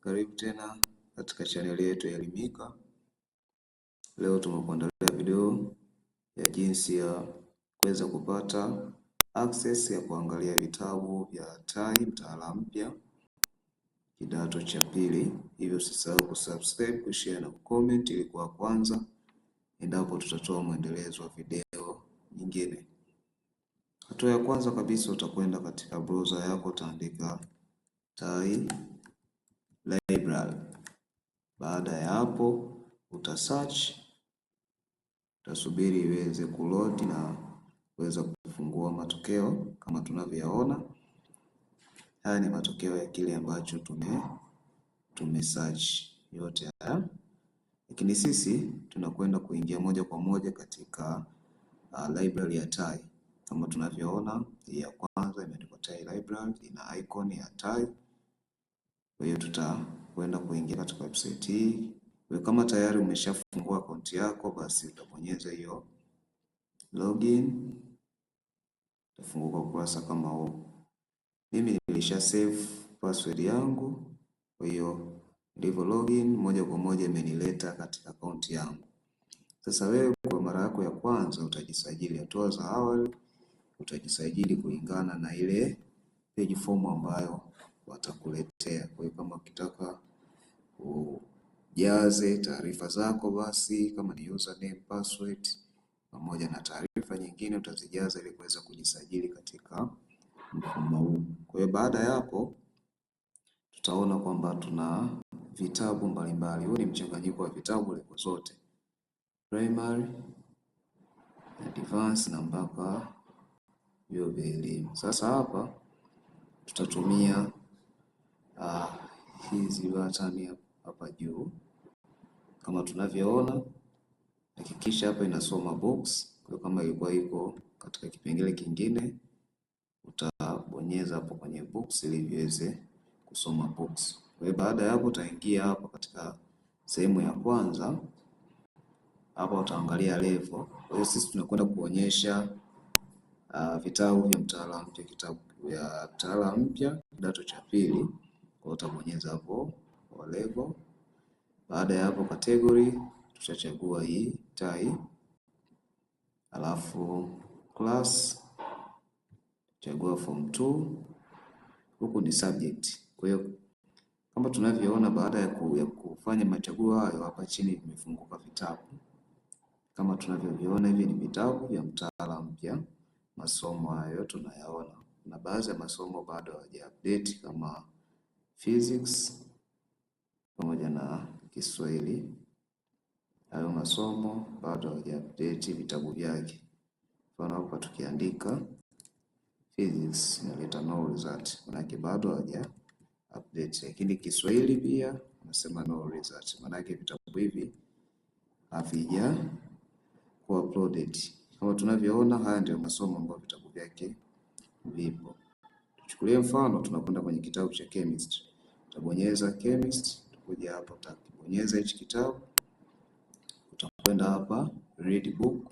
Karibu tena katika chaneli yetu ya Elimika. Leo tumekuandalia video ya jinsi ya kuweza kupata access ya kuangalia vitabu vya TAI mtaala mpya kidato cha pili. Hivyo usisahau kusubscribe, kushare na kucomment ili kuwa kwanza endapo tutatoa mwendelezo wa video nyingine. Hatua ya kwanza kabisa utakwenda katika browser yako, utaandika TAI library. Baada ya hapo uta search, utasubiri iweze kuload na kuweza kufungua matokeo kama tunavyoyaona. Haya ni matokeo ya kile ambacho tume tume search yote haya, lakini sisi tunakwenda kuingia moja kwa moja katika uh, library ya Tai kama tunavyoona. Hii ya kwanza imeandikwa Tai library, ina icon ya Tai. Kwa hiyo tutakwenda kuingia katika website hii. Wewe kama tayari umeshafungua akaunti yako, basi utabonyeza hiyo login, utafunguka ukurasa kama huu. Mimi nilisha save password yangu, kwa hiyo ndivyo login moja kwa moja imenileta katika akaunti yangu. Sasa wewe kwa mara yako ya kwanza utajisajili, hatua za awali utajisajili kulingana na ile page form ambayo watakuletea. Kwa hiyo kama ukitaka ujaze taarifa zako, basi kama ni username, password pamoja na taarifa nyingine utazijaza ili kuweza kujisajili katika mfumo huu. Kwa hiyo baada ya hapo tutaona kwamba tuna vitabu mbalimbali. Huu ni mchanganyiko wa vitabu liko zote primary, advanced na mpaka vyuo vya elimu. Sasa hapa tutatumia ah, hizi button hapa juu kama tunavyoona. Hakikisha hapa inasoma box, kwa kama ilikuwa iko katika kipengele kingine utabonyeza hapo kwenye box ili iweze kusoma box. Kwa hiyo baada ya hapo utaingia hapa katika sehemu ya kwanza, hapa utaangalia level. Kwa hiyo sisi tunakwenda kuonyesha uh, vitabu vya mtaala mpya, kitabu ya mtaala mpya kidato cha pili kwa utabonyeza hapo kwa level. Baada ya hapo category tutachagua hii tai alafu class chagua form 2, huku ni subject. Kwa hiyo kama tunavyoona, baada ya kufanya machaguo hayo, hapa chini vimefunguka vitabu kama tunavyoviona. Hivi ni vitabu vya mtaala mpya, masomo hayo tunayaona, na baadhi ya masomo bado hawajaupdate kama physics pamoja na Kiswahili. Hayo masomo bado hawajaupdate vitabu vyake. Mfano hapa tukiandika physics inaleta no result, manake bado hawaja update. Lakini Kiswahili pia unasema no result, manake vitabu hivi havija ku uploaded. Kama tunavyoona, haya ndio masomo ambayo vitabu vyake vipo. Tuchukulie mfano, tunakwenda kwenye kitabu cha chemistry utabonyeza chemist, utakuja hapa, utabonyeza hichi kitabu, utakwenda hapa read book.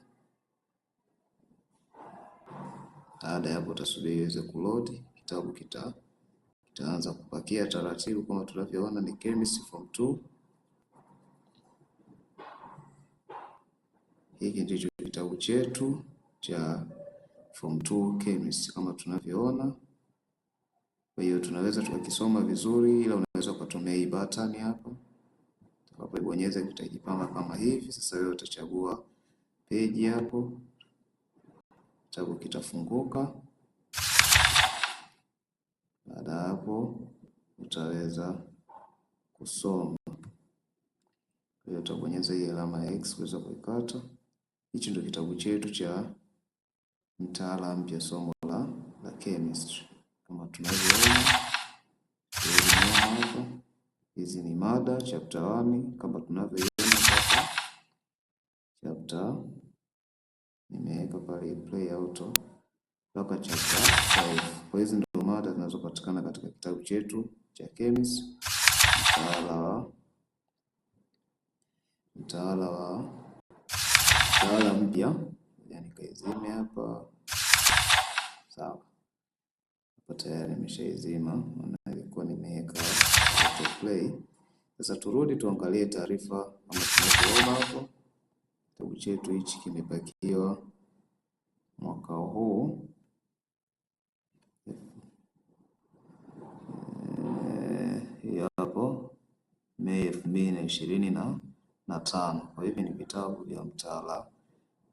Baada ya hapo, utasubiri iweze kulodi kitabu, kita kitaanza kupakia taratibu, kama tunavyoona ni chemist form 2. Hiki ndicho kitabu chetu cha form 2 chemist kama tunavyoona. Kwa hiyo tunaweza tukakisoma vizuri, ila unaweza ukatumia hii button hapo. Utakapoibonyeza kitajipanga kama hivi. Sasa wewe utachagua page hapo, kitabu kitafunguka. Baada hapo utaweza kusoma. Kwa hiyo utabonyeza hii alama ya X kuweza kuikata. Hichi ndio kitabu chetu cha mtaala mpya somo la, la chemistry tunavyoona hapo. Hizi ni mada chapter 1 kama tunavyoona hapa. Chapter nimeweka pale play auto kutoka chapter 5. Kwa hizi ndio mada zinazopatikana katika kitabu chetu cha Chems, mtaala wa mtaala wa mtaala mpya, yani kaizime hapa sawa tayari nimeshaizima maana ilikuwa nimeweka play. Sasa turudi tuangalie taarifa kama tunavyoona hapo. Kitabu chetu hichi kimepakiwa mwaka huu eh, hapo Mei elfu mbili na ishirini na tano. Kwa hivyo ni vitabu vya mtaala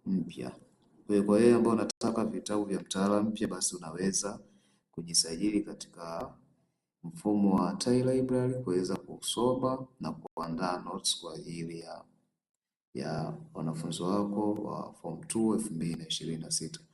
mpya. Kwa hiyo ambao unataka vitabu vya mtaala mpya, basi unaweza kujisajili katika mfumo wa TAI Library kuweza kusoma na kuandaa notes kwa ajili ya, ya wanafunzi wako wa form 2 2026.